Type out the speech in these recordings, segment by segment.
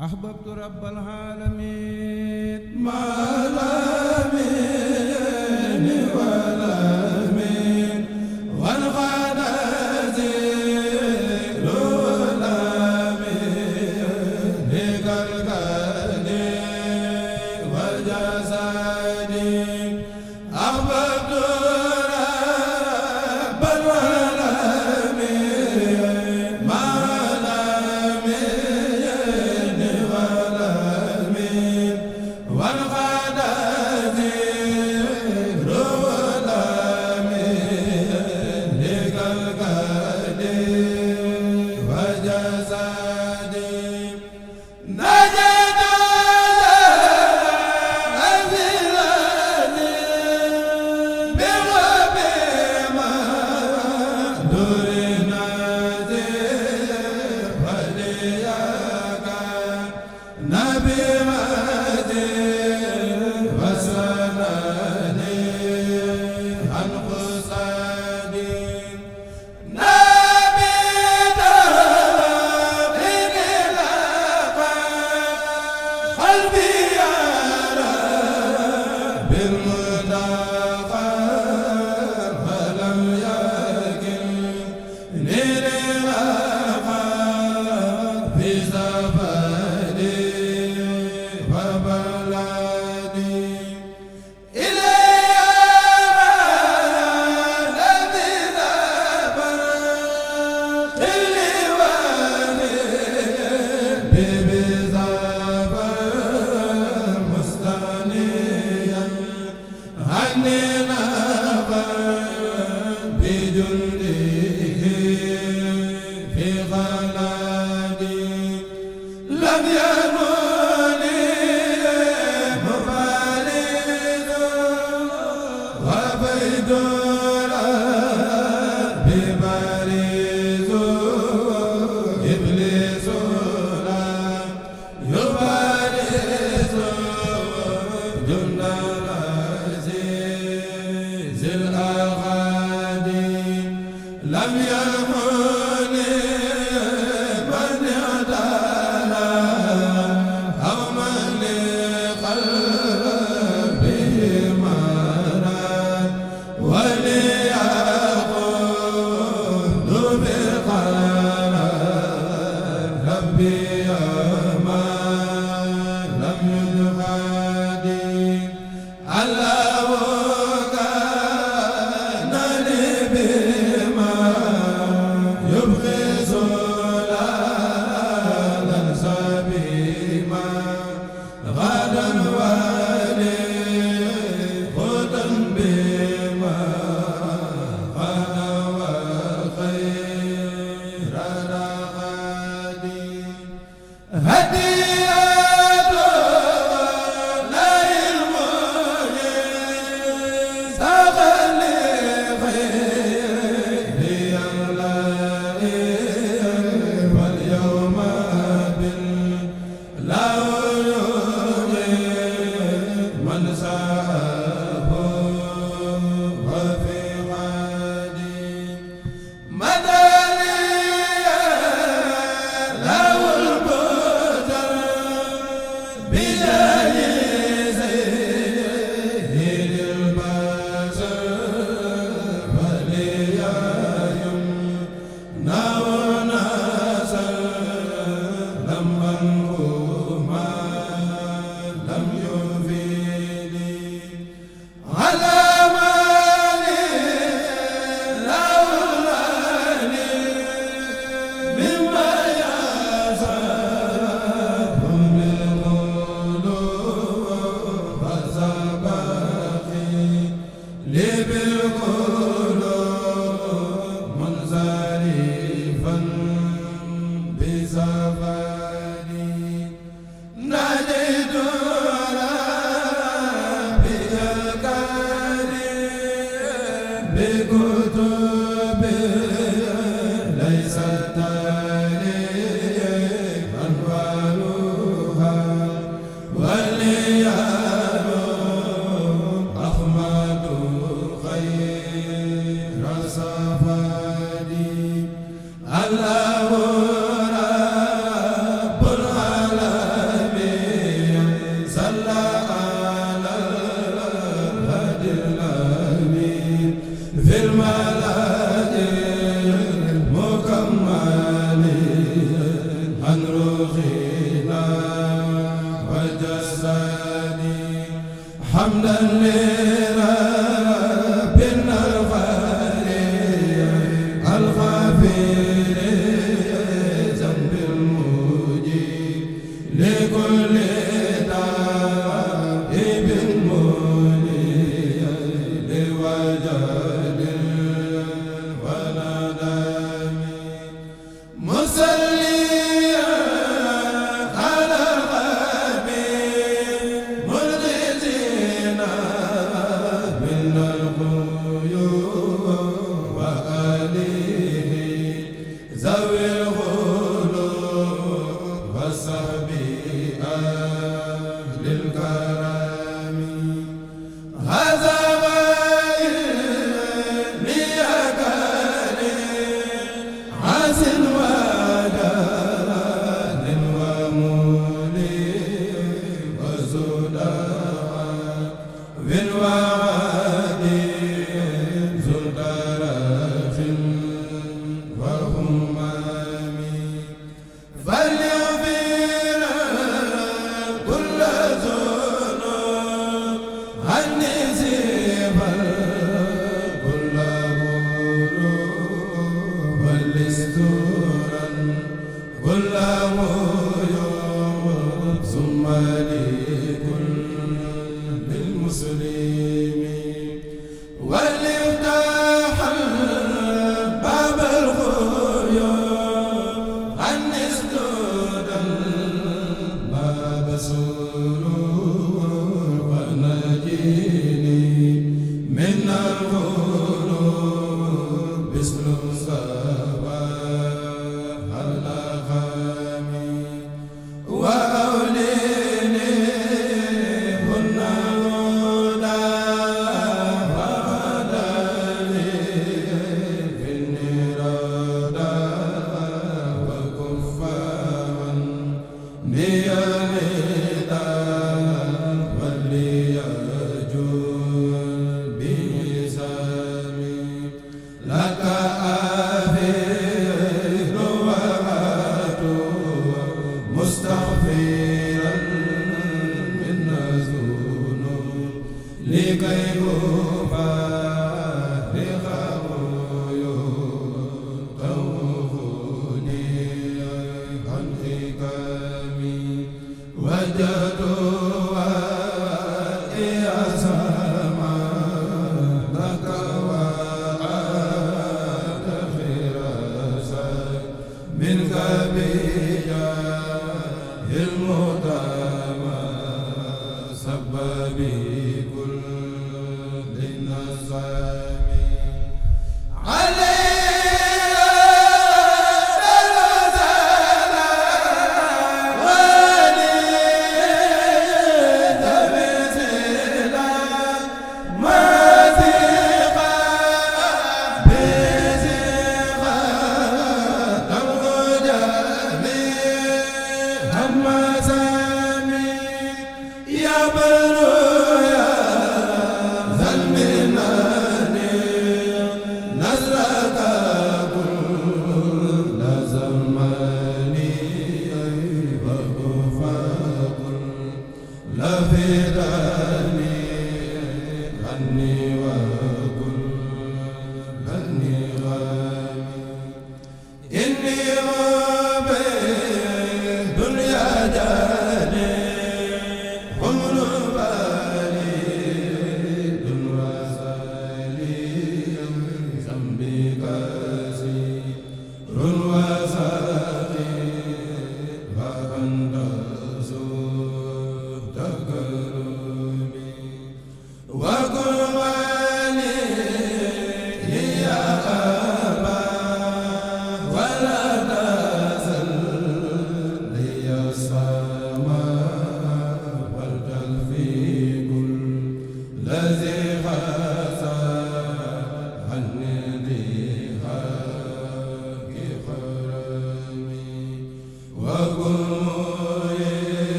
أحببت رب العالمين ما لمين ولا مين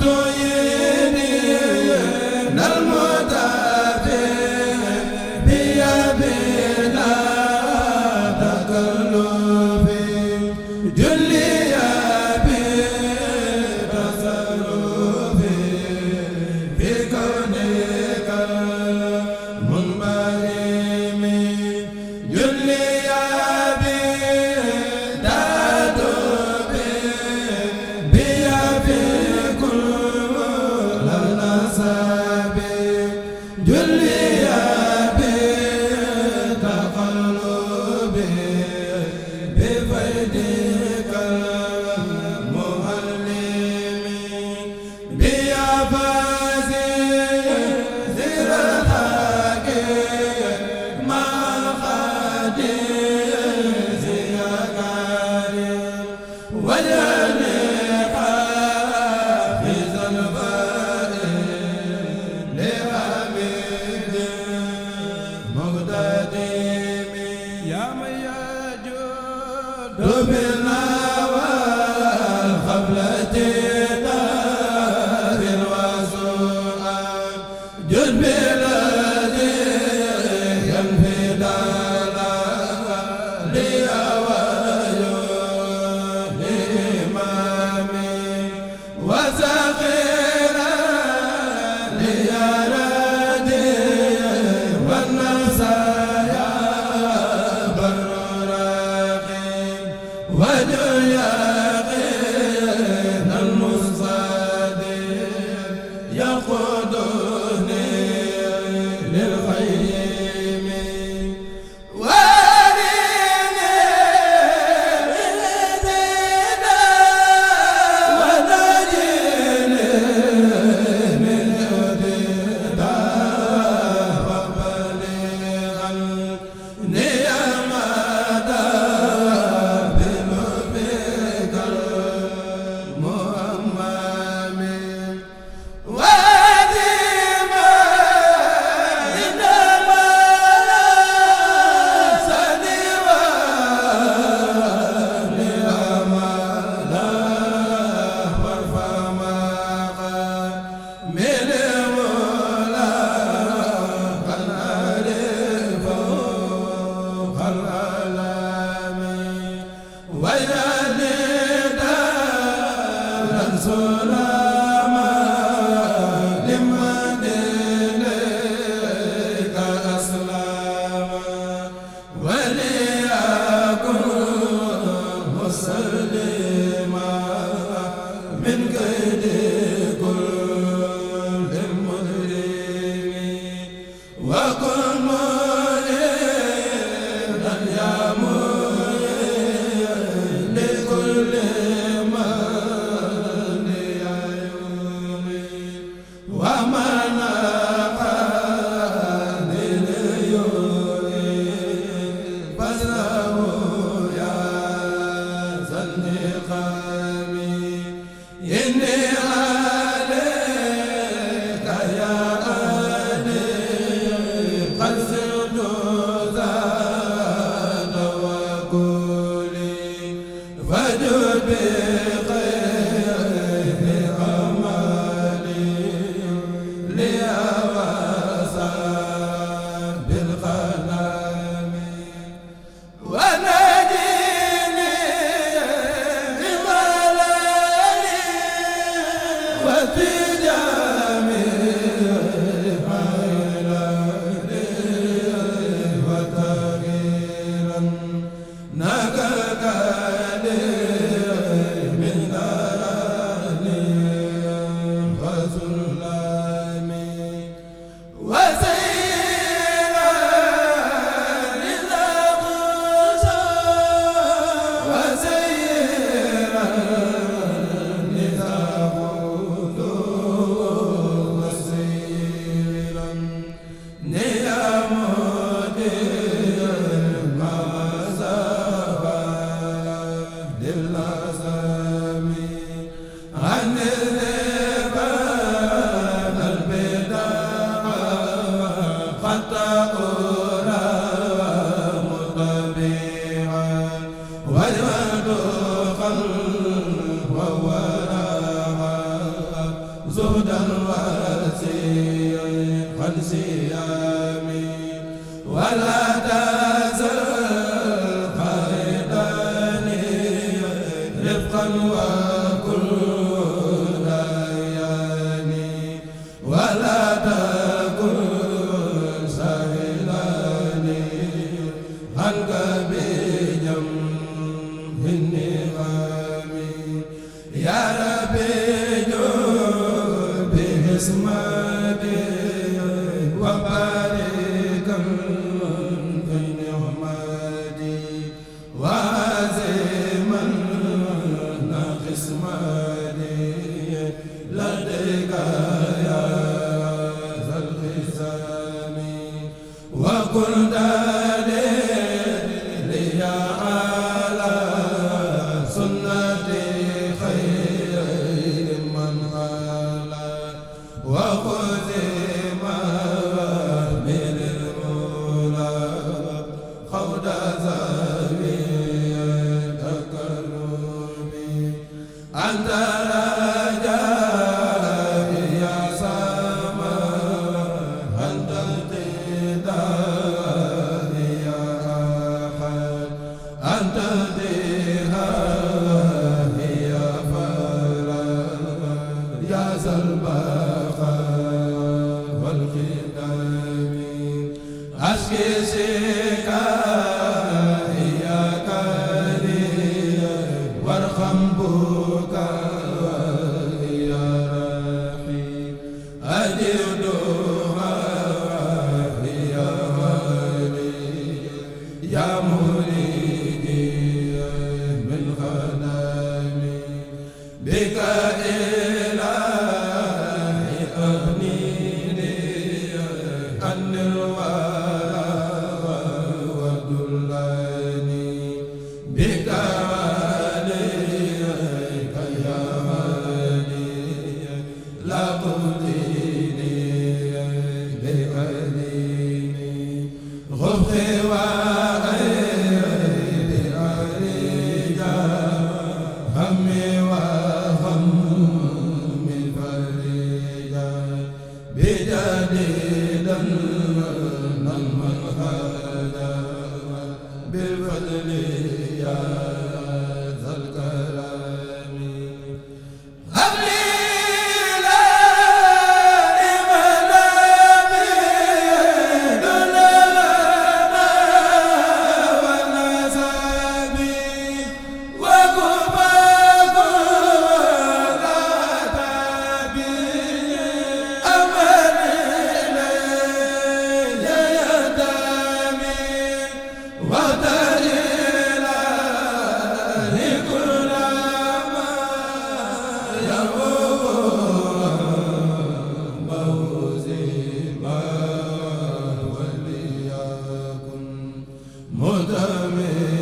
to الواسع السيام ولا rabbuka yaa amiin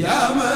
yaa ma